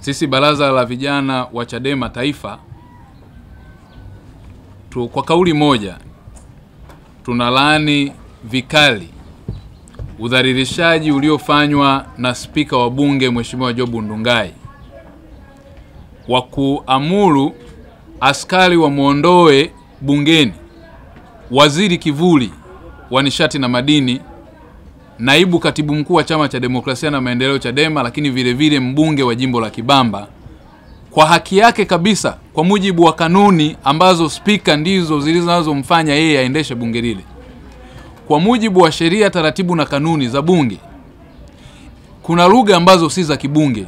Sisi baraza la vijana wa Chadema Taifa tu, kwa kauli moja tunalaani vikali udhalilishaji uliofanywa na spika wa bunge Mheshimiwa Jobu Ndungai wa kuamuru askari wamwondoe bungeni waziri kivuli wa nishati na madini naibu katibu mkuu wa chama cha demokrasia na maendeleo Chadema, lakini vile vile mbunge wa jimbo la Kibamba, kwa haki yake kabisa, kwa mujibu wa kanuni ambazo spika ndizo zilizonazomfanya yeye aendeshe bunge lile, kwa mujibu wa sheria, taratibu na kanuni za bunge. Kuna lugha ambazo si za kibunge.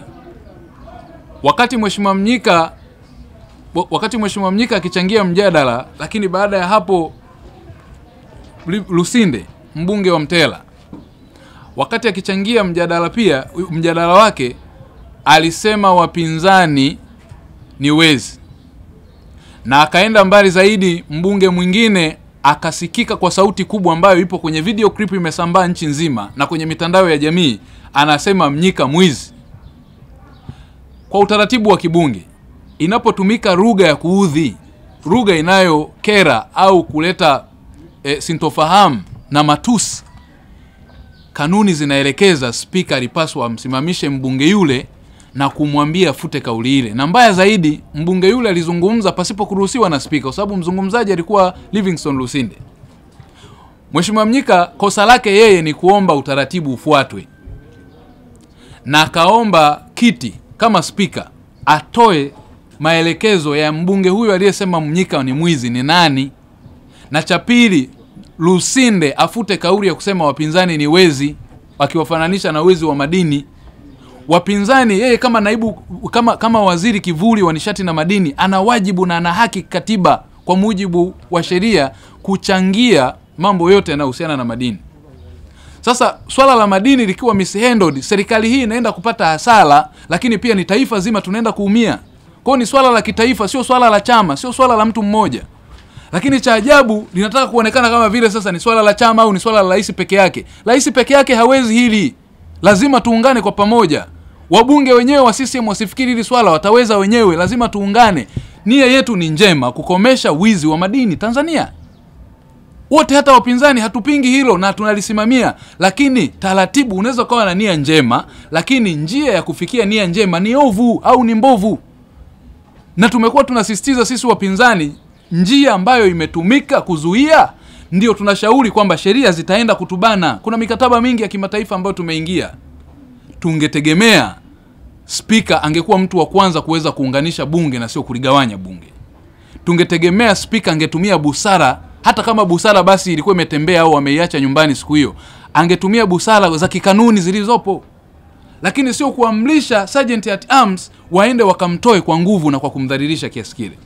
Wakati mheshimiwa Mnyika wakati mheshimiwa Mnyika akichangia mjadala, lakini baada ya hapo Lusinde mbunge wa Mtela wakati akichangia mjadala pia mjadala wake alisema wapinzani ni wezi na akaenda mbali zaidi mbunge mwingine akasikika kwa sauti kubwa ambayo ipo kwenye video clip imesambaa nchi nzima na kwenye mitandao ya jamii anasema mnyika mwizi kwa utaratibu wa kibunge inapotumika lugha ya kuudhi lugha inayokera au kuleta e, sintofahamu na matusi kanuni zinaelekeza spika alipaswa amsimamishe mbunge yule na kumwambia fute kauli ile, na mbaya zaidi, mbunge yule alizungumza pasipo kuruhusiwa na spika, kwa sababu mzungumzaji alikuwa Livingstone Lusinde. Mheshimiwa Mnyika kosa lake yeye ni kuomba utaratibu ufuatwe, na akaomba kiti kama spika atoe maelekezo ya mbunge huyo aliyesema Mnyika ni mwizi ni nani, na cha pili Lusinde afute kauli ya kusema wapinzani ni wezi, akiwafananisha na wezi wa madini. Wapinzani yeye kama naibu kama, kama waziri kivuli wa nishati na madini ana wajibu na ana haki katiba kwa mujibu wa sheria kuchangia mambo yote yanayohusiana na madini. Sasa swala la madini likiwa mishandled, serikali hii inaenda kupata hasara, lakini pia ni taifa zima tunaenda kuumia. Kwao ni swala la kitaifa, sio swala la chama, sio swala la mtu mmoja lakini cha ajabu linataka kuonekana kama vile sasa ni swala la chama au ni swala la rais peke yake. Rais peke yake hawezi hili, lazima tuungane kwa pamoja. Wabunge wenyewe wa CCM wasifikiri hili swala, wataweza wenyewe, lazima tuungane. Nia yetu ni njema, kukomesha wizi wa madini Tanzania. Wote hata wapinzani hatupingi hilo na tunalisimamia, lakini taratibu. Unaweza ukawa na nia njema, lakini njia ya kufikia nia njema ni ovu au ni mbovu, na tumekuwa tunasisitiza sisi wapinzani njia ambayo imetumika kuzuia ndio tunashauri kwamba sheria zitaenda kutubana kuna mikataba mingi ya kimataifa ambayo tumeingia tungetegemea spika angekuwa mtu wa kwanza kuweza kuunganisha bunge na sio kuligawanya bunge tungetegemea spika angetumia busara hata kama busara basi ilikuwa imetembea au ameiacha nyumbani siku hiyo angetumia busara za kikanuni zilizopo lakini sio kuamrisha sergeant at arms waende wakamtoe kwa nguvu na kwa kumdhalilisha kiasi kile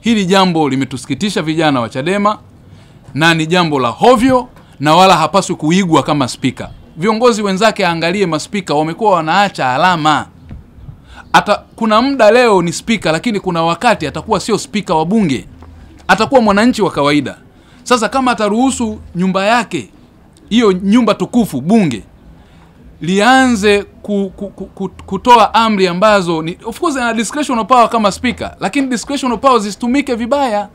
Hili jambo limetusikitisha vijana wa Chadema na ni jambo la hovyo na wala hapaswi kuigwa kama spika. Viongozi wenzake aangalie, maspika wamekuwa wanaacha alama. Ata kuna muda leo ni spika, lakini kuna wakati atakuwa sio spika wa bunge, atakuwa mwananchi wa kawaida. Sasa kama ataruhusu nyumba yake hiyo, nyumba tukufu bunge, lianze ku, ku, ku, kutoa amri ambazo ni, of course ana discretional power kama spika lakini discretional power zisitumike vibaya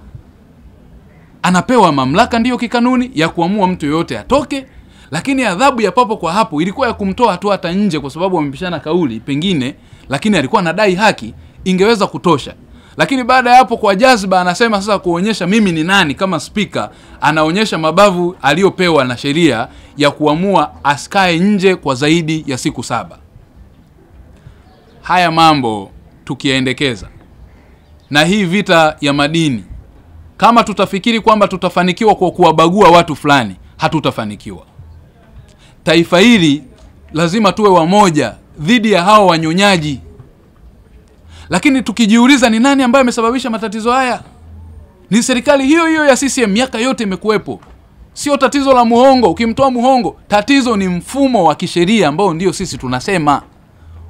anapewa mamlaka ndiyo kikanuni ya kuamua mtu yoyote atoke lakini adhabu ya papo kwa hapo ilikuwa ya kumtoa tu hata nje kwa sababu amepishana kauli pengine lakini alikuwa anadai haki ingeweza kutosha lakini baada ya hapo kwa jazba anasema sasa kuonyesha mimi ni nani kama spika anaonyesha mabavu aliyopewa na sheria ya kuamua askae nje kwa zaidi ya siku saba haya mambo tukiyaendekeza na hii vita ya madini, kama tutafikiri kwamba tutafanikiwa kwa kuwabagua watu fulani, hatutafanikiwa. Taifa hili lazima tuwe wamoja dhidi ya hawa wanyonyaji. Lakini tukijiuliza ni nani ambaye amesababisha matatizo haya, ni serikali hiyo hiyo ya CCM, miaka yote imekuwepo. Sio tatizo la Muhongo, ukimtoa Muhongo, tatizo ni mfumo wa kisheria ambao ndio sisi tunasema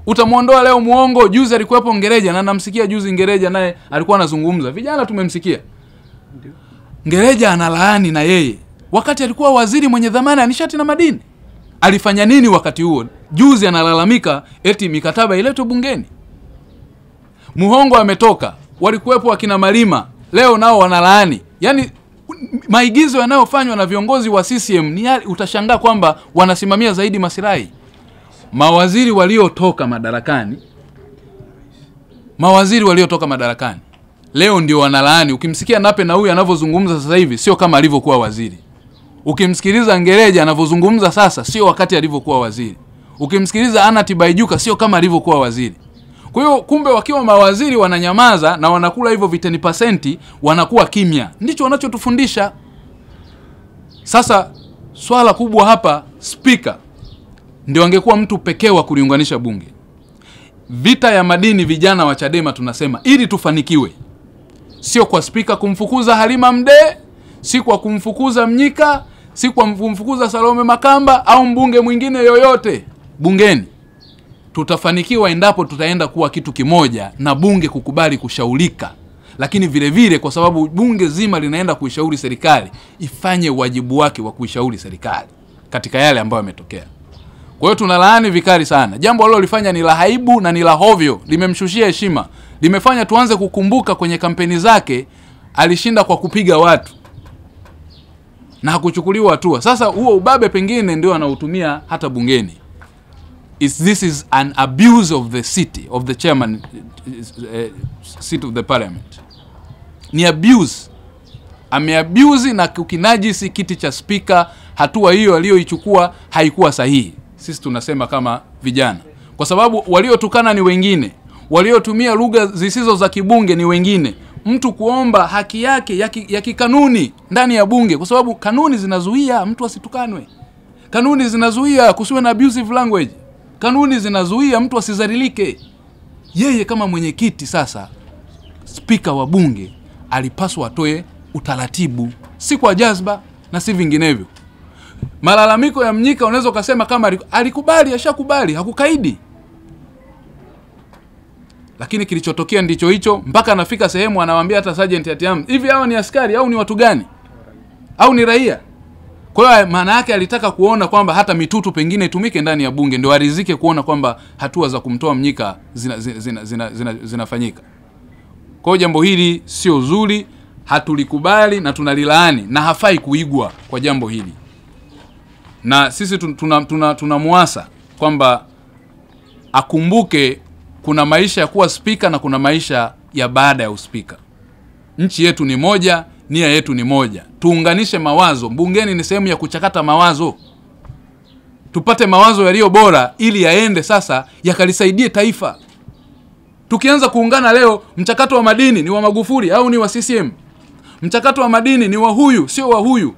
utamwondoa leo muongo. Juzi alikuwepo Ngereja na namsikia juzi Ngereja naye alikuwa anazungumza, vijana tumemsikia Ngereja analaani na yeye, wakati alikuwa waziri mwenye dhamana ya nishati na madini. Alifanya nini wakati huo? Juzi analalamika eti mikataba iletwe bungeni. Muhongo ametoka, walikuwepo wakina Malima, leo nao wanalaani. Yaani maigizo yanayofanywa na viongozi wa CCM ni utashangaa kwamba wanasimamia zaidi masirahi mawaziri waliotoka madarakani mawaziri waliotoka madarakani leo ndio wanalaani. Ukimsikia Nape na huyu anavyozungumza sasa hivi sio kama alivyokuwa waziri. Ukimsikiliza Ngereja anavyozungumza sasa sio wakati alivyokuwa waziri. Ukimsikiliza Anna Tibaijuka sio kama alivyokuwa waziri. Kwa hiyo kumbe, wakiwa mawaziri wananyamaza na wanakula hivyo viteni pasenti, wanakuwa kimya, ndicho wanachotufundisha sasa. Swala kubwa hapa, spika ndio angekuwa mtu pekee wa kuliunganisha bunge. Vita ya madini, vijana wa Chadema tunasema ili tufanikiwe, sio kwa spika kumfukuza Halima Mdee, si kwa kumfukuza Mnyika, si kwa kumfukuza Salome Makamba au mbunge mwingine yoyote bungeni. Tutafanikiwa endapo tutaenda kuwa kitu kimoja na bunge kukubali kushaulika, lakini vile vile kwa sababu bunge zima linaenda kuishauri serikali, ifanye wajibu wake wa kuishauri serikali katika yale ambayo yametokea. Kwa hiyo tunalaani vikali sana jambo alilolifanya ni la haibu na ni la hovyo, limemshushia heshima, limefanya tuanze kukumbuka kwenye kampeni zake alishinda kwa kupiga watu na hakuchukuliwa hatua. Sasa huo ubabe pengine ndio anautumia hata bungeni. Is this is an abuse of the city of the chairman uh, seat of the parliament, ni abuse, ameabuse na kukinajisi kiti cha spika. Hatua hiyo aliyoichukua haikuwa sahihi sisi tunasema kama vijana, kwa sababu waliotukana ni wengine, waliotumia lugha zisizo za kibunge ni wengine. Mtu kuomba haki yake ya kikanuni ndani ya bunge, kwa sababu kanuni zinazuia mtu asitukanwe, kanuni zinazuia kusiwe na abusive language, kanuni zinazuia mtu asizalilike. Yeye kama mwenyekiti sasa, spika wa bunge alipaswa atoe utaratibu, si kwa jazba na si vinginevyo. Malalamiko ya Mnyika unaweza ukasema kama alikubali, ashakubali, hakukaidi, lakini kilichotokea ndicho hicho. Mpaka anafika sehemu anawaambia hata sergeant at arms, hivi hawa ni askari au ni watu gani? Au ni raia? Kwa hiyo eh, maana yake alitaka kuona kwamba hata mitutu pengine itumike ndani ya bunge, ndio arizike kuona kwamba hatua za kumtoa Mnyika zinafanyika zina, zina, zina, zina, zina. Kwa hiyo jambo hili sio zuri, hatulikubali na tunalilaani na hafai kuigwa kwa jambo hili na sisi tunamwasa tuna, tuna, tuna kwamba akumbuke kuna maisha ya kuwa spika na kuna maisha ya baada ya uspika. Nchi yetu ni moja, nia yetu ni moja, tuunganishe mawazo. Bungeni ni sehemu ya kuchakata mawazo, tupate mawazo yaliyo bora ili yaende sasa yakalisaidie taifa. Tukianza kuungana leo, mchakato wa madini ni wa Magufuli au ni wa CCM? Mchakato wa madini ni wa huyu, sio wa huyu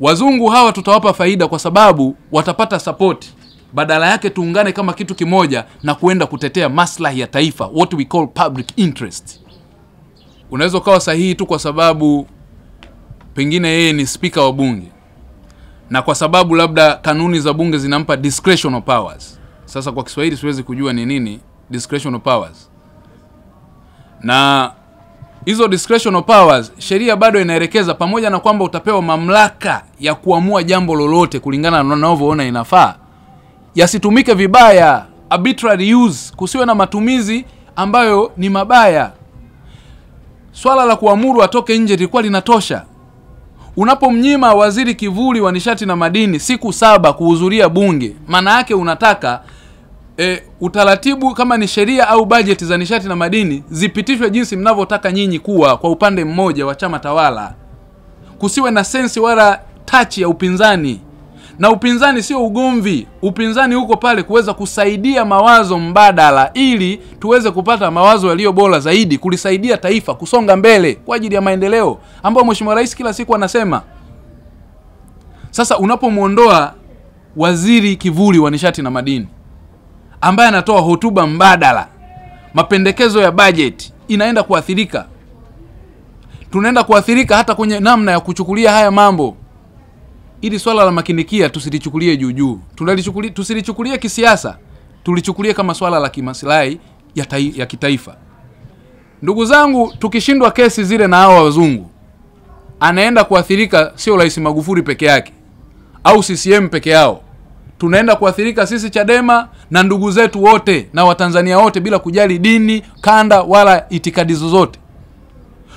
wazungu hawa tutawapa faida kwa sababu watapata sapoti badala yake tuungane kama kitu kimoja na kuenda kutetea maslahi ya taifa what we call public interest unaweza ukawa sahihi tu kwa sababu pengine yeye ni spika wa bunge na kwa sababu labda kanuni za bunge zinampa discretional powers sasa kwa kiswahili siwezi kujua ni nini discretional powers na hizo discretional powers sheria bado inaelekeza pamoja na kwamba utapewa mamlaka ya kuamua jambo lolote kulingana na unavyoona inafaa, yasitumike vibaya, arbitrary use, kusiwe na matumizi ambayo ni mabaya. Swala la kuamuru atoke nje lilikuwa linatosha. Unapomnyima waziri kivuli wa nishati na madini siku saba kuhudhuria bunge, maana yake unataka e, utaratibu kama ni sheria au bajeti za nishati na madini zipitishwe jinsi mnavyotaka nyinyi kuwa kwa upande mmoja wa chama tawala, kusiwe na sensi wala tachi ya upinzani. Na upinzani sio ugomvi, upinzani huko pale kuweza kusaidia mawazo mbadala, ili tuweze kupata mawazo yaliyo bora zaidi, kulisaidia taifa kusonga mbele kwa ajili ya maendeleo ambayo Mheshimiwa Rais kila siku anasema. Sasa unapomwondoa waziri kivuli wa nishati na madini ambaye anatoa hotuba mbadala, mapendekezo ya bajeti, inaenda kuathirika. Tunaenda kuathirika hata kwenye namna ya kuchukulia haya mambo. Ili swala la makinikia tusilichukulie juu juu, tusilichukulie kisiasa, tulichukulie kama swala la kimaslahi ya, ya kitaifa. Ndugu zangu, tukishindwa kesi zile na hawa wazungu, anaenda kuathirika sio Rais Magufuli peke yake au CCM peke yao tunaenda kuathirika sisi Chadema na ndugu zetu wote na Watanzania wote bila kujali dini, kanda wala itikadi zozote.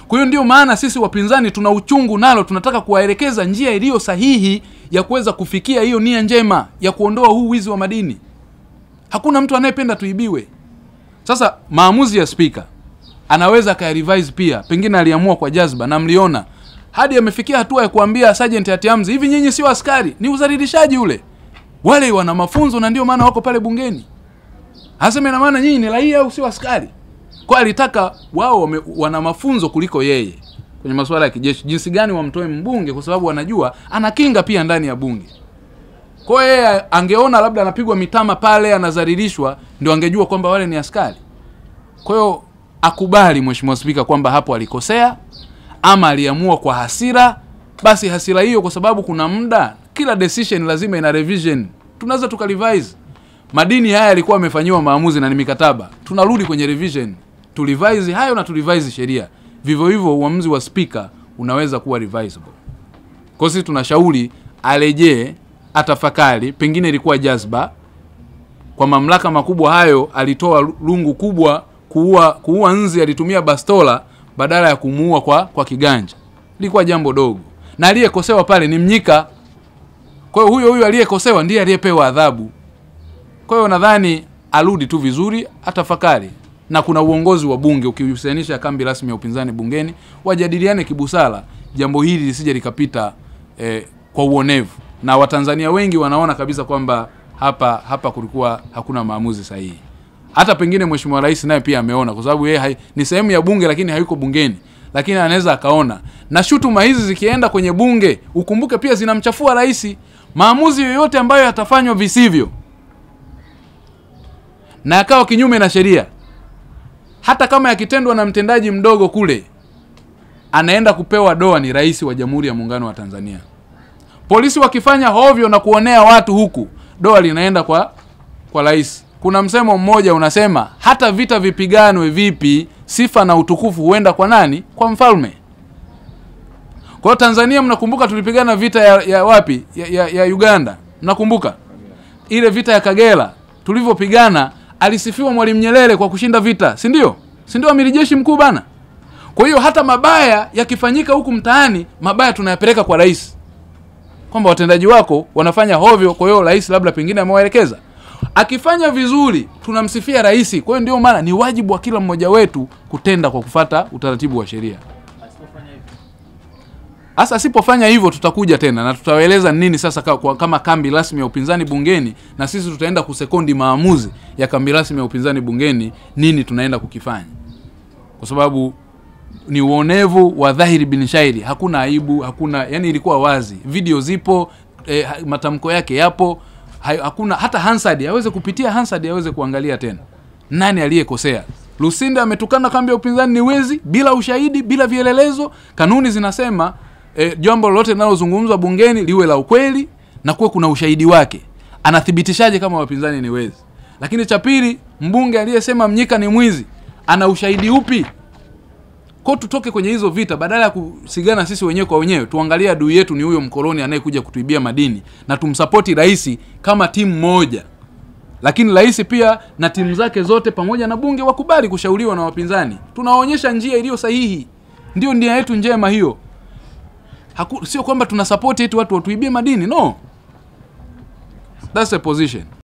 Kwa hiyo ndio maana sisi wapinzani tuna uchungu nalo, tunataka kuwaelekeza njia iliyo sahihi ya kuweza kufikia hiyo nia njema ya kuondoa huu wizi wa madini. Hakuna mtu anayependa tuibiwe. Sasa maamuzi ya spika anaweza akayarevise pia, pengine aliamua kwa jazba na mliona hadi amefikia hatua ya kuambia Sergeant Atiamzi, hivi nyinyi sio askari, ni uzalilishaji ule wale wana mafunzo na ndio maana wako pale bungeni. Asema na maana nyinyi ni raia au sio askari? Kwa alitaka wao wana mafunzo kuliko yeye kwenye masuala ya kijeshi, jinsi gani wamtoe mbunge, kwa sababu wanajua ana kinga pia ndani ya bunge. Kwa yeye angeona labda anapigwa mitama pale, anazalilishwa ndio angejua kwamba wale ni askari. Kwa hiyo akubali Mheshimiwa Spika kwamba hapo alikosea ama aliamua kwa hasira, basi hasira hiyo, kwa sababu kuna muda kila decision lazima ina revision. Tunaweza tukarevise. Madini haya yalikuwa yamefanyiwa maamuzi na ni mikataba, tunarudi kwenye revision, turevise hayo na turevise sheria. Vivyo hivyo uamuzi wa spika unaweza kuwa revisable. Kwa sisi tunashauri arejee, atafakari, pengine ilikuwa jazba. Kwa mamlaka makubwa hayo, alitoa lungu kubwa kuua, kuua nzi, alitumia bastola badala ya kumuua kwa, kwa kiganja. Ilikuwa jambo dogo, na aliyekosewa pale ni Mnyika kwa hiyo huyo huyo aliyekosewa ndiye aliyepewa adhabu kwa hiyo nadhani arudi tu vizuri atafakari na kuna uongozi wa bunge ukihusianisha kambi rasmi ya upinzani bungeni wajadiliane kibusara jambo hili lisije likapita eh, kwa uonevu na watanzania wengi wanaona kabisa kwamba hapa hapa kulikuwa hakuna maamuzi sahihi hata pengine mheshimiwa rais naye pia ameona kwa sababu yeye ni sehemu ya bunge lakini hayuko bungeni lakini anaweza akaona na shutuma hizi zikienda kwenye bunge ukumbuke pia zinamchafua rais maamuzi yoyote ambayo yatafanywa visivyo na yakawa kinyume na sheria, hata kama yakitendwa na mtendaji mdogo kule, anaenda kupewa doa ni rais wa Jamhuri ya Muungano wa Tanzania. Polisi wakifanya hovyo na kuonea watu huku, doa linaenda kwa kwa rais. Kuna msemo mmoja unasema hata vita vipiganwe vipi, sifa na utukufu huenda kwa nani? Kwa mfalme kwa Tanzania mnakumbuka tulipigana vita ya, ya wapi ya, ya, ya Uganda mnakumbuka ile vita ya Kagera tulivyopigana alisifiwa Mwalimu Nyerere kwa kushinda vita si ndio si ndio mkuu bana kwa hiyo hata mabaya yakifanyika huku mtaani mabaya tunayapeleka kwa rais kwamba watendaji wako wanafanya hovyo kwa hiyo rais labda pengine amewaelekeza akifanya vizuri tunamsifia rais kwa hiyo ndio maana ni wajibu wa kila mmoja wetu kutenda kwa kufata utaratibu wa sheria sasa asipofanya hivyo, tutakuja tena na tutaeleza nini sasa kwa, kama kambi rasmi ya upinzani bungeni, na sisi tutaenda kusekondi maamuzi ya kambi rasmi ya upinzani bungeni, nini tunaenda kukifanya, kwa sababu ni uonevu wa dhahiri bin shairi. Hakuna aibu, hakuna yani, ilikuwa wazi, video zipo, eh, matamko yake yapo, hakuna hata Hansard aweze kupitia, Hansard aweze kuangalia tena nani aliyekosea. Lusinda ametukana kambi ya upinzani ni wezi, bila ushahidi, bila vielelezo. Kanuni zinasema e, jambo lolote linalozungumzwa bungeni liwe la ukweli na kuwe kuna ushahidi wake. Anathibitishaje kama wapinzani ni wezi? Lakini cha pili, mbunge aliyesema Mnyika ni mwizi ana ushahidi upi? Kwa tutoke kwenye hizo vita, badala ya kusigana sisi wenyewe kwa wenyewe, tuangalie adui yetu ni huyo mkoloni anayekuja kutuibia madini, na tumsapoti rais kama timu moja. Lakini rais pia na timu zake zote pamoja na bunge wakubali kushauriwa na wapinzani. Tunawaonyesha njia iliyo sahihi, ndio nia yetu njema hiyo sio kwamba tuna support eti watu watuibie madini no, that's a position.